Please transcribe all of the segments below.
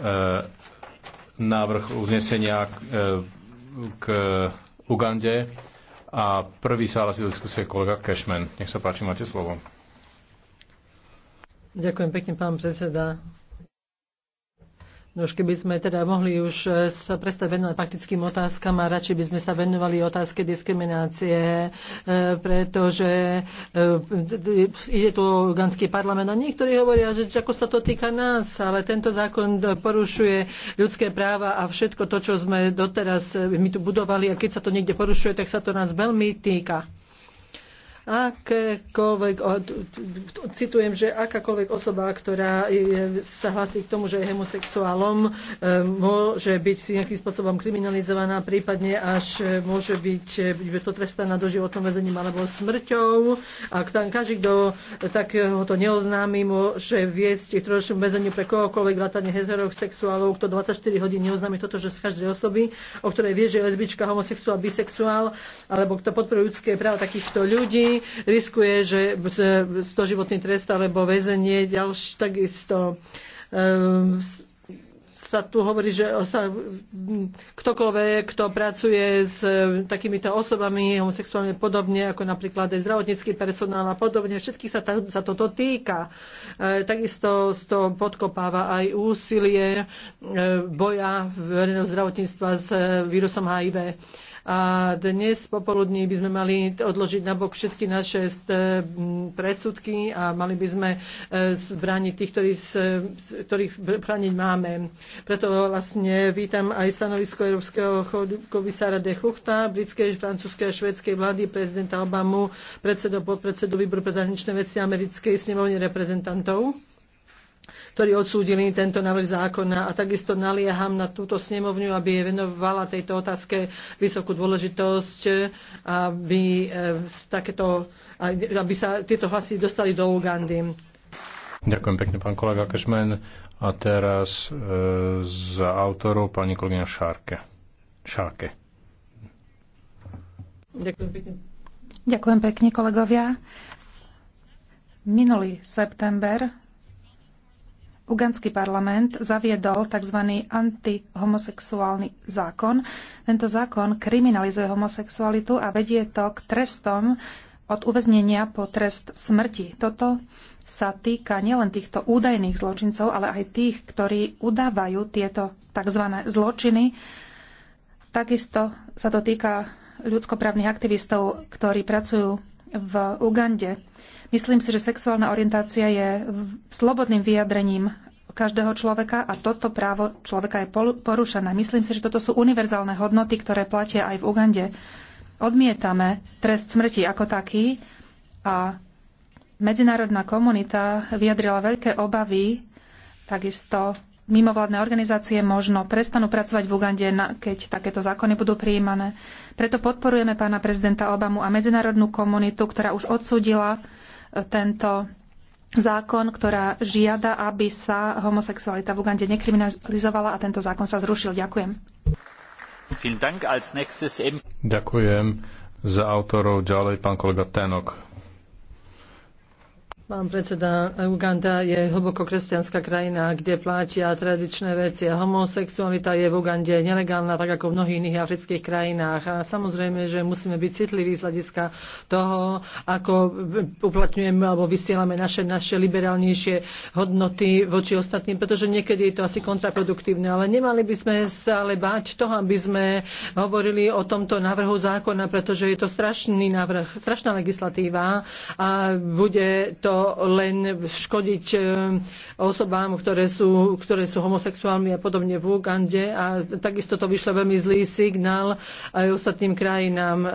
E, návrh uznesenia k, e, k Ugande a prvý sa hlasí do diskusie kolega Cashman. Nech sa páči, máte slovo. Ďakujem pekne, pán predseda. No už keby sme teda mohli už e, sa prestať venovať faktickým otázkam a radšej by sme sa venovali otázke diskriminácie, e, pretože e, ide tu o parlament a niektorí hovoria, že ako sa to týka nás, ale tento zákon porušuje ľudské práva a všetko to, čo sme doteraz my tu budovali a keď sa to niekde porušuje, tak sa to nás veľmi týka akékoľvek, citujem, že akákoľvek osoba, ktorá je, sa hlasí k tomu, že je homosexuálom, e, môže byť nejakým spôsobom kriminalizovaná, prípadne až e, môže byť, e, byť to trestaná doživotným väzením alebo smrťou. A každý, kto takéhoto neoznámi, môže viesť k trojročnému väzeniu pre kohokoľvek, vrátane heterosexuálov, kto 24 hodín neoznámi toto, že z každej osoby, o ktorej vie, že je lesbička, homosexuál, bisexuál, alebo kto podporuje ľudské práva takýchto ľudí, viny, riskuje, že stoživotný trest alebo väzenie, ďalš, takisto um, sa tu hovorí, že osa, ktokoľvek, kto pracuje s takýmito osobami, homosexuálne podobne, ako napríklad aj zdravotnícky personál a podobne, všetkých sa, ta, sa toto týka. E, takisto to podkopáva aj úsilie e, boja verejného zdravotníctva s vírusom HIV. A dnes popoludní by sme mali odložiť na bok všetky naše eh, predsudky a mali by sme eh, brániť tých, ktorí, ktorých brániť máme. Preto vlastne vítam aj stanovisko Európskeho komisára de Chuchta, britskej, francúzskej a švedskej vlády, prezidenta Obamu, predsedu, podpredsedu výboru pre zahraničné veci americkej snemovne reprezentantov ktorí odsúdili tento návrh zákona a takisto nalieham na túto snemovňu, aby venovala tejto otázke vysokú dôležitosť, aby, eh, takéto, aby sa tieto hlasy dostali do Ugandy. Ďakujem pekne, pán kolega Kešmen. A teraz e, eh, za autorov pani kolegyňa Šárke. Šárke. Ďakujem pekne. Ďakujem pekne, kolegovia. Minulý september Ugandský parlament zaviedol tzv. antihomosexuálny zákon. Tento zákon kriminalizuje homosexualitu a vedie to k trestom od uväznenia po trest smrti. Toto sa týka nielen týchto údajných zločincov, ale aj tých, ktorí udávajú tieto tzv. zločiny. Takisto sa to týka ľudskoprávnych aktivistov, ktorí pracujú v Ugande. Myslím si, že sexuálna orientácia je slobodným vyjadrením každého človeka a toto právo človeka je porušené. Myslím si, že toto sú univerzálne hodnoty, ktoré platia aj v Ugande. Odmietame trest smrti ako taký a medzinárodná komunita vyjadrila veľké obavy takisto mimovládne organizácie možno prestanú pracovať v Ugande, keď takéto zákony budú prijímané. Preto podporujeme pána prezidenta Obamu a medzinárodnú komunitu, ktorá už odsúdila e, tento zákon, ktorá žiada, aby sa homosexualita v Ugande nekriminalizovala a tento zákon sa zrušil. Ďakujem. Ďakujem za autorov. Ďalej pán kolega Tenok. Pán predseda, Uganda je hlboko kresťanská krajina, kde platia tradičné veci homosexualita je v Ugande nelegálna, tak ako v mnohých iných afrických krajinách. A samozrejme, že musíme byť citliví z hľadiska toho, ako uplatňujeme alebo vysielame naše, naše liberálnejšie hodnoty voči ostatným, pretože niekedy je to asi kontraproduktívne. Ale nemali by sme sa ale báť toho, aby sme hovorili o tomto návrhu zákona, pretože je to strašný návrh, strašná legislatíva a bude to len škodiť e, osobám, ktoré sú, ktoré sú homosexuálmi a podobne v Ugande. A takisto to vyšlo veľmi zlý signál aj ostatným krajinám. E,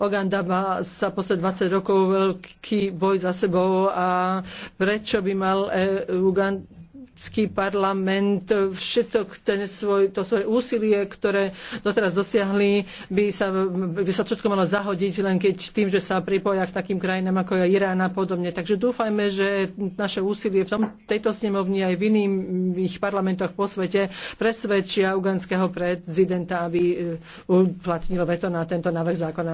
Uganda má sa posled 20 rokov veľký boj za sebou a prečo by mal e, Uganda Európsky parlament všetok ten svoj, to svoje úsilie, ktoré doteraz dosiahli, by sa, by sa všetko malo zahodiť, len keď tým, že sa pripoja k takým krajinám ako je Irán a podobne. Takže dúfajme, že naše úsilie v tom, tejto snemovni aj v iných parlamentoch po svete presvedčia uganského prezidenta, aby e, uplatnil veto na tento návrh zákona.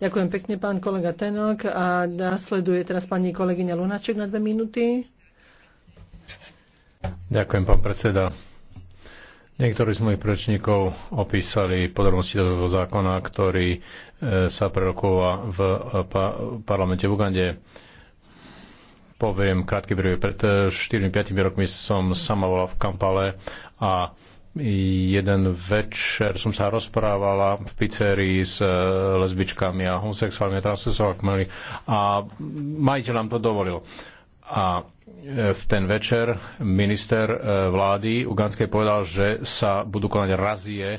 Ďakujem pekne, pán kolega Tenok. A nasleduje teraz pani kolegyňa Lunaček na dve minúty. Ďakujem, pán predseda. Niektorí z mojich prečníkov opísali podrobnosti toho zákona, ktorý e, sa prerokúva v e, parlamente v Ugande. Poviem krátky príbeh. Pred 4-5 e, rokmi som sama bola v Kampale a jeden večer som sa rozprávala v pizzerii s lesbičkami a homosexuálmi a transsexuálmi a majiteľ nám to dovolil. A e, v ten večer minister e, vlády Uganskej povedal, že sa budú konať razie e,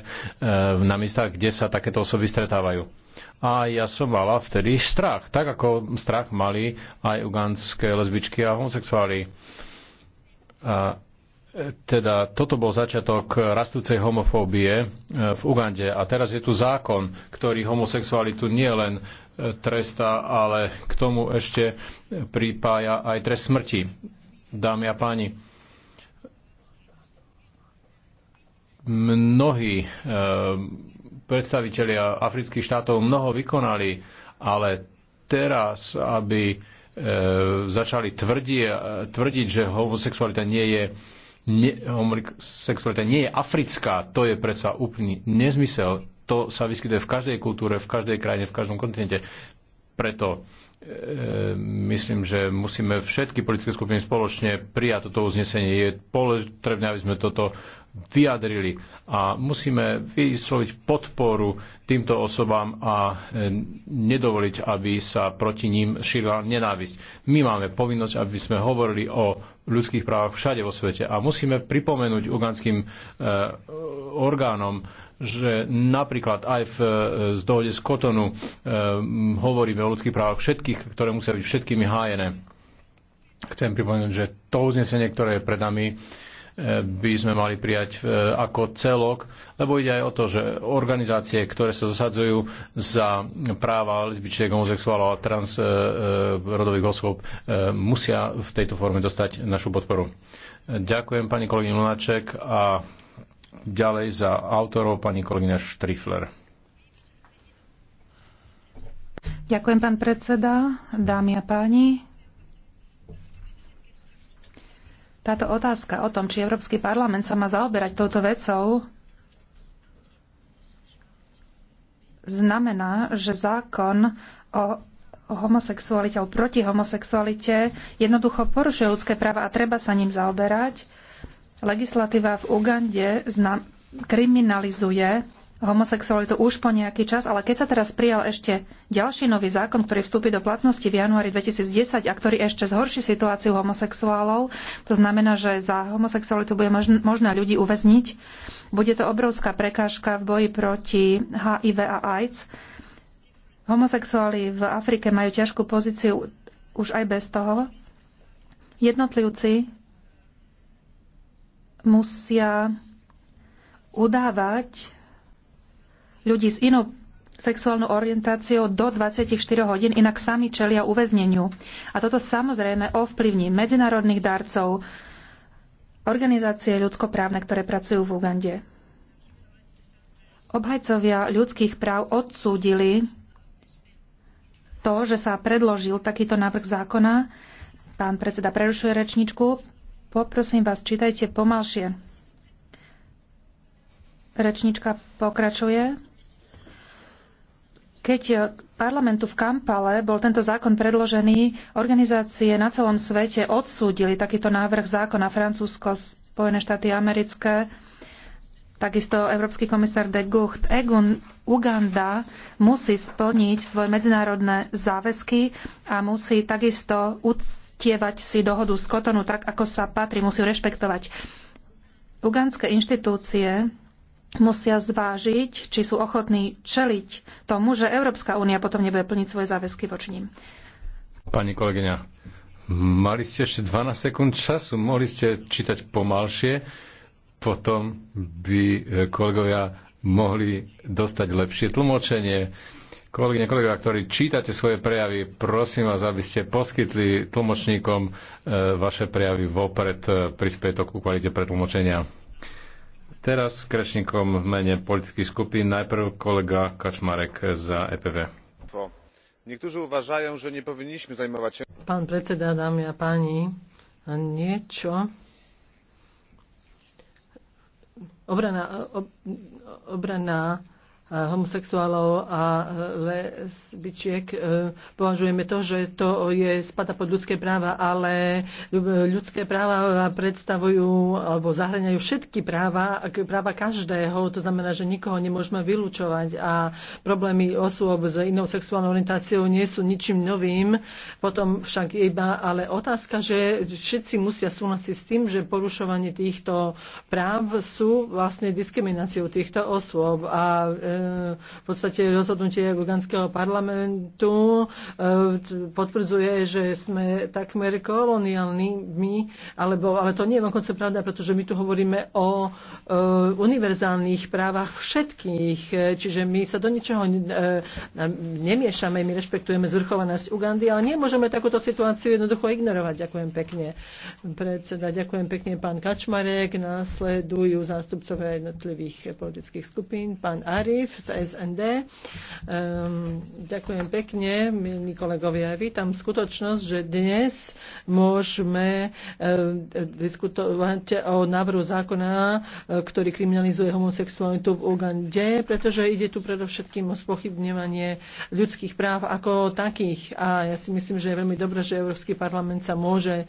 na miestach, kde sa takéto osoby stretávajú. A ja som mala vtedy strach, tak ako strach mali aj ugandské lesbičky a homosexuáli. A teda toto bol začiatok rastúcej homofóbie e, v Ugande a teraz je tu zákon, ktorý homosexualitu nie len e, trestá, ale k tomu ešte pripája aj trest smrti. Dámy a páni, mnohí e, predstavitelia afrických štátov mnoho vykonali, ale teraz, aby začali tvrdie, tvrdiť, že homosexualita nie je ne, homosexualita nie je africká, to je predsa úplný nezmysel. To sa vyskytuje v každej kultúre, v každej krajine, v každom kontinente. Preto e, myslím, že musíme všetky politické skupiny spoločne prijať toto uznesenie. Je potrebné, aby sme toto vyjadrili a musíme vysloviť podporu týmto osobám a e, nedovoliť, aby sa proti ním šírila nenávisť. My máme povinnosť, aby sme hovorili o ľudských právach všade vo svete a musíme pripomenúť uganským e, orgánom, že napríklad aj v e, z dohode z Kotonu hovoríme o ľudských právach všetkých, ktoré musia byť všetkými hájené. Chcem pripomenúť, že to uznesenie, ktoré je pred nami, by sme mali prijať e, ako celok, lebo ide aj o to, že organizácie, ktoré sa zasadzujú za práva lesbičiek, homosexuálov a transrodových e, e, osôb, musia v tejto forme dostať našu podporu. Ďakujem pani kolegyni Lunaček a ďalej za autorov pani kolegyňa Štrifler. Ďakujem, pán predseda, dámy a páni. Táto otázka o tom, či Európsky parlament sa má zaoberať touto vecou, znamená, že zákon o homosexualite alebo proti homosexualite jednoducho porušuje ľudské práva a treba sa ním zaoberať. Legislatíva v Ugande kriminalizuje homosexualitu už po nejaký čas, ale keď sa teraz prijal ešte ďalší nový zákon, ktorý vstúpi do platnosti v januári 2010 a ktorý ešte zhorší situáciu homosexuálov, to znamená, že za homosexualitu bude možné ľudí uväzniť, bude to obrovská prekážka v boji proti HIV a AIDS. Homosexuáli v Afrike majú ťažkú pozíciu už aj bez toho. Jednotlivci musia udávať ľudí s inou sexuálnou orientáciou do 24 hodín, inak sami čelia uväzneniu. A toto samozrejme ovplyvní medzinárodných darcov, organizácie ľudskoprávne, ktoré pracujú v Ugande. Obhajcovia ľudských práv odsúdili to, že sa predložil takýto návrh zákona. Pán predseda prerušuje rečničku. Poprosím vás, čítajte pomalšie. Rečnička pokračuje. Keď parlamentu v Kampale bol tento zákon predložený, organizácie na celom svete odsúdili takýto návrh zákona Francúzsko, Spojené štáty americké, takisto Európsky komisár de Gucht. Egun, Uganda musí splniť svoje medzinárodné záväzky a musí takisto uctievať si dohodu z Kotonu tak, ako sa patrí, musí rešpektovať. Ugandské inštitúcie musia zvážiť, či sú ochotní čeliť tomu, že Európska únia potom nebude plniť svoje záväzky voči ním. Pani kolegyňa, mali ste ešte 12 sekúnd času, mohli ste čítať pomalšie, potom by e, kolegovia mohli dostať lepšie tlmočenie. Kolegyne, kolegovia, ktorí čítate svoje prejavy, prosím vás, aby ste poskytli tlmočníkom e, vaše prejavy vopred, e, prispätok ku kvalite pretlmočenia. Teraz k rečníkom v mene politických skupín. Najprv kolega Kačmarek za EPV. Niektorí uvažajú, že nie powinniśmy zajmować się... predseda, dámy a páni, niečo... Obrana, ob, obrana homosexuálov a lesbičiek. E, považujeme to, že to je, spada pod ľudské práva, ale e, ľudské práva predstavujú alebo zahraňajú všetky práva, práva každého. To znamená, že nikoho nemôžeme vylúčovať a problémy osôb s inou sexuálnou orientáciou nie sú ničím novým. Potom však iba ale otázka, že všetci musia súhlasiť s tým, že porušovanie týchto práv sú vlastne diskrimináciou týchto osôb a e, v podstate rozhodnutie Luganského parlamentu e, potvrdzuje, že sme takmer koloniálnymi, alebo, ale to nie je vonkonce pravda, pretože my tu hovoríme o e, univerzálnych právach všetkých, e, čiže my sa do ničoho nemiešame, my rešpektujeme zvrchovanosť Ugandy, ale nemôžeme takúto situáciu jednoducho ignorovať. Ďakujem pekne, predseda, ďakujem pekne pán Kačmarek, následujú zástupcovia jednotlivých politických skupín, pán Ari. Leif z SND. Um, ehm, ďakujem pekne, milí kolegovia. Vítam skutočnosť, že dnes môžeme um, diskutovať o návrhu zákona, e, ktorý kriminalizuje homosexualitu v Ugande, pretože ide tu predovšetkým o spochybňovanie ľudských práv ako takých. A ja si myslím, že je veľmi dobré, že Európsky parlament sa môže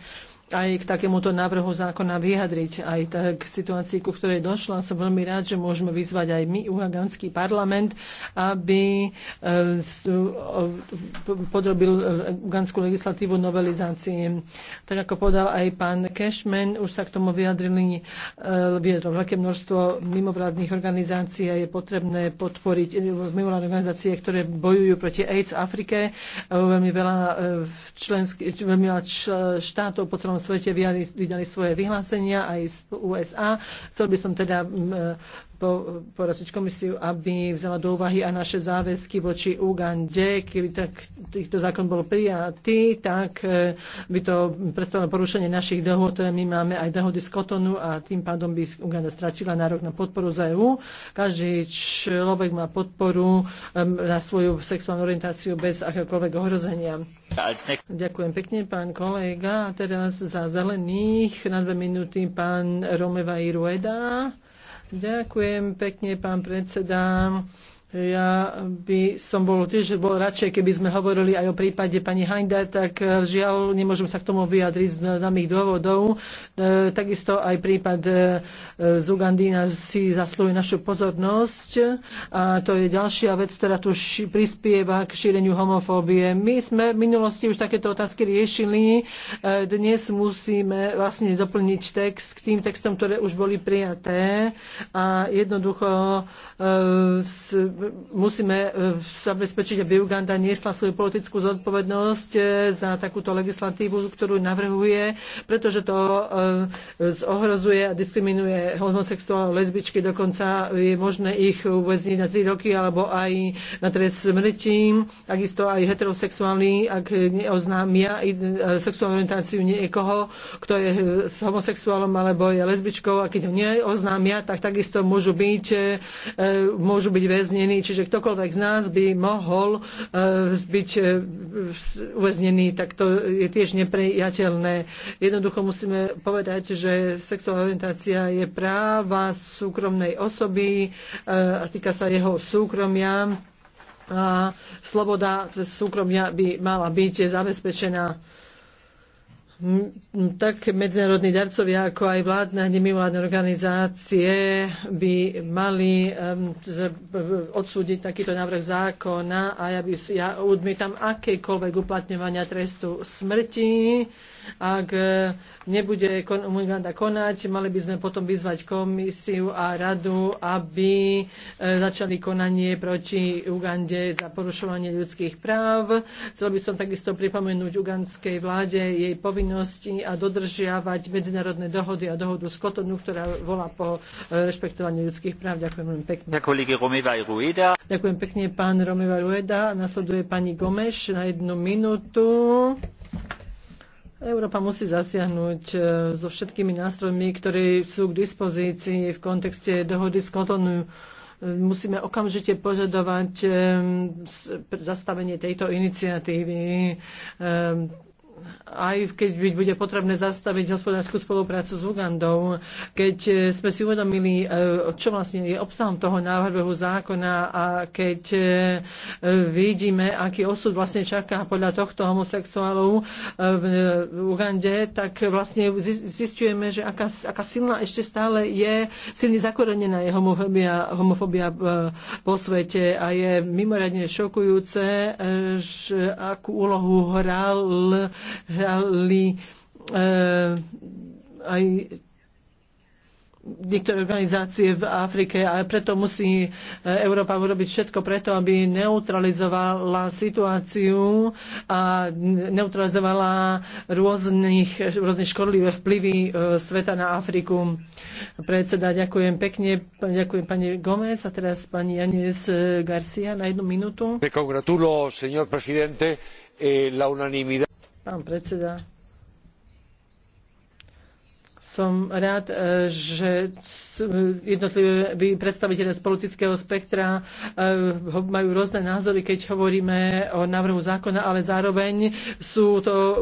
aj k takémuto návrhu zákona vyjadriť, aj k situácii, ku ktorej došla. Som veľmi rád, že môžeme vyzvať aj my, Uhagánsky parlament, aby e, podrobil e, uganskú legislatívu novelizácie. Tak ako podal aj pán Cashman, už sa k tomu vyjadrili e, veľké množstvo mimovládnych organizácií a je potrebné podporiť mimovládne organizácie, ktoré bojujú proti AIDS v Afrike. Veľmi veľa, veľmi veľa štátov po celom celom svete vydali svoje vyhlásenia aj z USA. Chcel by som teda porosiť komisiu, aby vzala do úvahy a naše záväzky voči Ugande, keby tak týchto zákon bol prijatý, tak e, by to predstavilo porušenie našich dohod. My máme aj dohody z Kotonu a tým pádom by Uganda stratila nárok na podporu za EU. Každý človek má podporu na svoju sexuálnu orientáciu bez akéhokoľvek ohrozenia. Ďakujem pekne, pán kolega. A teraz za zelených na dve minúty pán Romeva Irueda. Ďakujem pekne, pán predseda. Ja by som bol tiež bol radšej, keby sme hovorili aj o prípade pani Hajda, tak eh, žiaľ nemôžem sa k tomu vyjadriť z daných dôvodov. Eh, takisto aj prípad eh, z Ugandína si zaslúhuje našu pozornosť a to je ďalšia vec, ktorá tu prispieva k šíreniu homofóbie. My sme v minulosti už takéto otázky riešili. dnes musíme vlastne doplniť text k tým textom, ktoré už boli prijaté a jednoducho musíme e, zabezpečiť, aby Uganda niesla svoju politickú zodpovednosť e, za takúto legislatívu, ktorú navrhuje, pretože to e, zohrozuje a diskriminuje homosexuálne lesbičky. Dokonca je možné ich uväzniť na 3 roky alebo aj na trest smrti. Takisto aj heterosexuálni, ak neoznámia sexuálnu orientáciu niekoho, kto je s homosexuálom alebo je lesbičkou a keď ho neoznámia, tak takisto môžu byť, môžu byť väzni uväznený, čiže ktokoľvek z nás by mohol e, byť e, uväznený, tak to je tiež neprejateľné. Jednoducho musíme povedať, že sexuálna orientácia je práva súkromnej osoby e, a týka sa jeho súkromia a sloboda súkromia by mala byť zabezpečená tak medzinárodní darcovia, ako aj vládne a nemovládne organizácie by mali e, odsúdiť takýto návrh zákona a ja, by, ja odmietam akékoľvek uplatňovania trestu smrti. Ak e, nebude Uganda konať, mali by sme potom vyzvať komisiu a radu, aby e, začali konanie proti Ugande za porušovanie ľudských práv. Chcel by som takisto pripomenúť ugandskej vláde jej povinnosti a dodržiavať medzinárodné dohody a dohodu z Kotonu, ktorá volá po e, rešpektovaní ľudských práv. Ďakujem veľmi pekne. Ďakujem pekne, pán Romeva Rueda. Nasleduje pani Gomeš na jednu minútu. Európa musí zasiahnuť e, so všetkými nástrojmi, ktoré sú k dispozícii v kontexte dohody s Kotonu. E, musíme okamžite požadovať e, zastavenie tejto iniciatívy aj keď bude potrebné zastaviť hospodárskú spoluprácu s Ugandou, keď e, sme si uvedomili, e, čo vlastne je obsahom toho návrhu zákona a keď e, vidíme, aký osud vlastne čaká podľa tohto homosexuálov v Ugande, tak vlastne zistujeme, že aká, aká silná ešte stále je, silne zakorenená je homofobia, homofobia po svete a je mimoriadne šokujúce, že akú úlohu hral uh, aj niektoré organizácie v Afrike a preto musí eh, Európa urobiť všetko preto, aby neutralizovala situáciu a neutralizovala rôznych, rôznych škodlivé vplyvy eh, sveta na Afriku. Predseda, ďakujem pekne. Ďakujem pani Gomez a teraz pani Janes Garcia na jednu minútu. Me congratulo, señor presidente, eh, la unanimidad Pán predseda, som rád, e, že jednotlivé predstaviteľe z politického spektra e, majú rôzne názory, keď hovoríme o návrhu zákona, ale zároveň sú to e,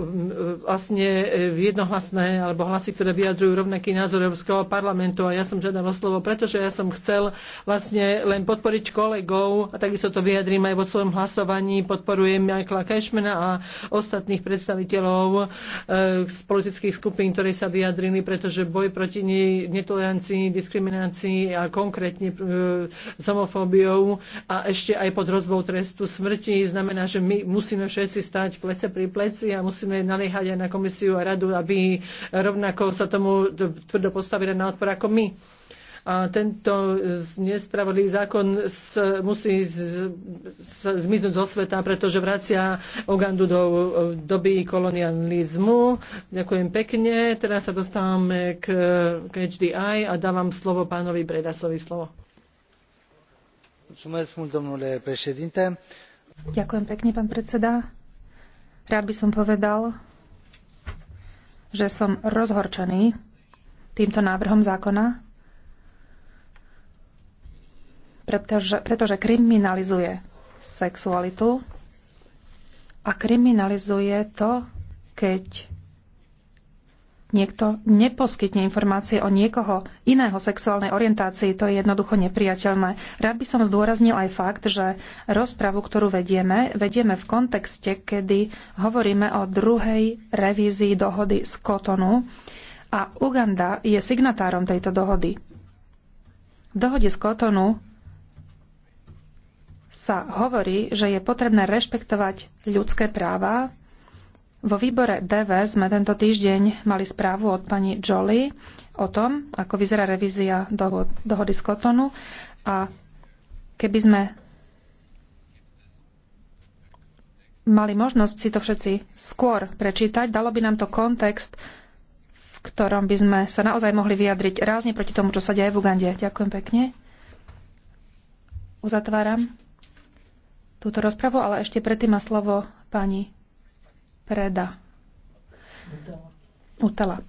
vlastne jednohlasné alebo hlasy, ktoré vyjadrujú rovnaký názor Európskeho parlamentu. A ja som žiadal slovo, pretože ja som chcel vlastne len podporiť kolegov a takisto to vyjadrím aj vo svojom hlasovaní. Podporujem Michaela Cashmana a ostatných predstaviteľov z politických skupín, ktorí sa vyjadrili, pretože pretože boj proti netolerancii, diskriminácii a konkrétne s e, homofóbiou a ešte aj pod rozbou trestu smrti znamená, že my musíme všetci stať plece pri pleci a musíme naliehať aj na komisiu a radu, aby rovnako sa tomu tvrdo postavili na odpor ako my a tento nespravodlivý zákon musí zmiznúť zo sveta, pretože vracia Ugandu do doby kolonializmu. Ďakujem pekne. Teraz sa dostávame k, k HDI a dávam slovo pánovi Bredasovi slovo. Ďakujem pekne, pán predseda. Rád by som povedal, že som rozhorčený týmto návrhom zákona, pretože, pretože kriminalizuje sexualitu a kriminalizuje to, keď niekto neposkytne informácie o niekoho iného sexuálnej orientácii. To je jednoducho nepriateľné. Rád by som zdôraznil aj fakt, že rozpravu, ktorú vedieme, vedieme v kontexte, kedy hovoríme o druhej revízii dohody z Kotonu a Uganda je signatárom tejto dohody. V dohode z Kotonu sa hovorí, že je potrebné rešpektovať ľudské práva. Vo výbore DV sme tento týždeň mali správu od pani Jolly o tom, ako vyzerá revízia doho- dohody z Kotonu a keby sme mali možnosť si to všetci skôr prečítať, dalo by nám to kontext, v ktorom by sme sa naozaj mohli vyjadriť rázne proti tomu, čo sa deje v Ugande. Ďakujem pekne. Uzatváram túto rozpravu, ale ešte predtým má slovo pani Preda. Utala.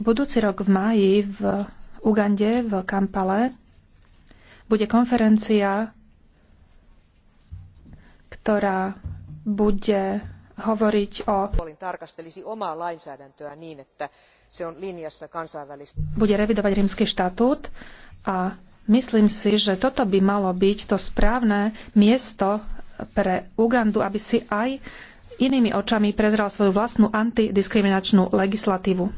Budúci rok v máji v Ugande, v Kampale, bude konferencia, ktorá bude hovoriť o bude revidovať rímsky štatút a Myslím si, že toto by malo byť to správne miesto pre Ugandu, aby si aj inými očami prezral svoju vlastnú antidiskriminačnú legislatívu.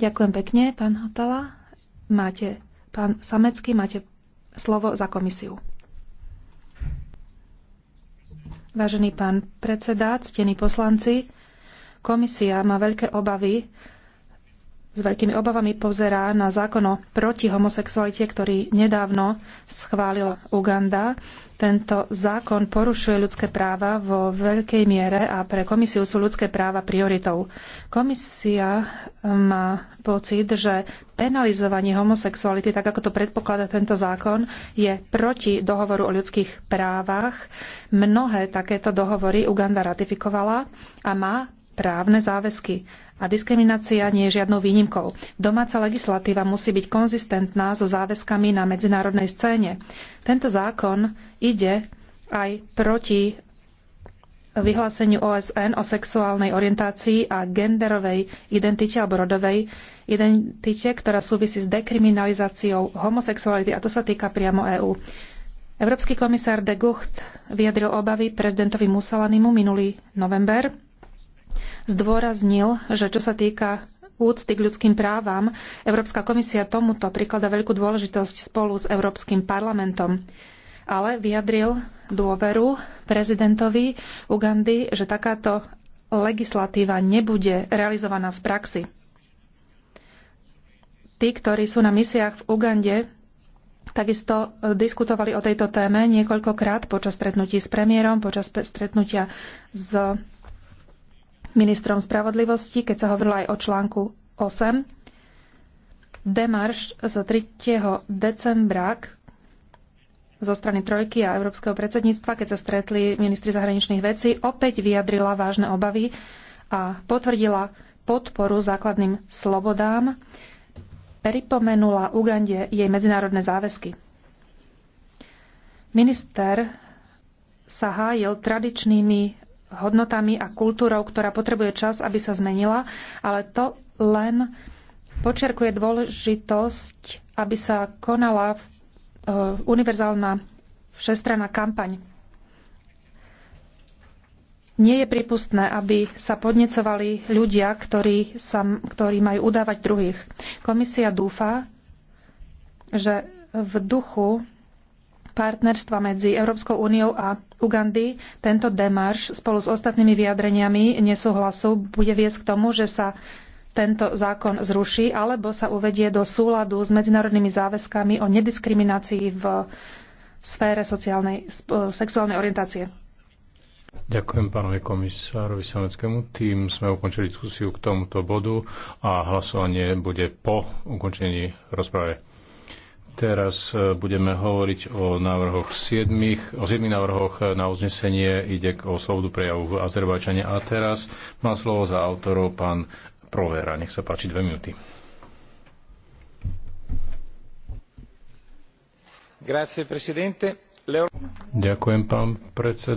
Ďakujem pekne, pán Hotala. Máte, pán Samecký, máte slovo za komisiu. Vážený pán predseda, ctení poslanci, komisia má veľké obavy s veľkými obavami pozerá na zákon o proti homosexualite, ktorý nedávno schválila Uganda. Tento zákon porušuje ľudské práva vo veľkej miere a pre komisiu sú ľudské práva prioritou. Komisia um, má pocit, že penalizovanie homosexuality, tak ako to predpokladá tento zákon, je proti dohovoru o ľudských právach. Mnohé takéto dohovory Uganda ratifikovala a má právne záväzky a diskriminácia nie je žiadnou výnimkou. Domáca legislatíva musí byť konzistentná so záväzkami na medzinárodnej scéne. Tento zákon ide aj proti vyhláseniu OSN o sexuálnej orientácii a genderovej identite alebo rodovej identite, ktorá súvisí s dekriminalizáciou homosexuality a to sa týka priamo EÚ. Európsky komisár de Gucht vyjadril obavy prezidentovi Musalanimu minulý november zdôraznil, že čo sa týka úcty k ľudským právam, Európska komisia tomuto priklada veľkú dôležitosť spolu s Európskym parlamentom. Ale vyjadril dôveru prezidentovi Ugandy, že takáto legislatíva nebude realizovaná v praxi. Tí, ktorí sú na misiách v Ugande, takisto diskutovali o tejto téme niekoľkokrát počas stretnutí s premiérom, počas stretnutia s ministrom spravodlivosti, keď sa hovorilo aj o článku 8. Demarš z 3. decembra zo strany Trojky a Európskeho predsedníctva, keď sa stretli ministri zahraničných vecí, opäť vyjadrila vážne obavy a potvrdila podporu základným slobodám, pripomenula Ugande jej medzinárodné záväzky. Minister sa hájil tradičnými hodnotami a kultúrou, ktorá potrebuje čas, aby sa zmenila, ale to len počerkuje dôležitosť, aby sa konala e, univerzálna všestranná kampaň. Nie je prípustné, aby sa podnecovali ľudia, ktorí, sa, ktorí majú udávať druhých. Komisia dúfa, že v duchu partnerstva medzi Európskou úniou a Ugandy tento demarš spolu s ostatnými vyjadreniami nesúhlasu bude viesť k tomu, že sa tento zákon zruší alebo sa uvedie do súladu s medzinárodnými záväzkami o nediskriminácii v sfére sociálnej, sexuálnej orientácie. Ďakujem pánovi komisárovi Saneckému. Tým sme ukončili diskusiu k tomuto bodu a hlasovanie bude po ukončení rozprave. Teraz e, budeme hovoriť o návrhoch 7, o 7 návrhoch e, na uznesenie ide k slobodu prejavu v Azerbajčane. A teraz má slovo za autorov pán Provera. Nech sa páči dve minúty. Ďakujem, pán predseda.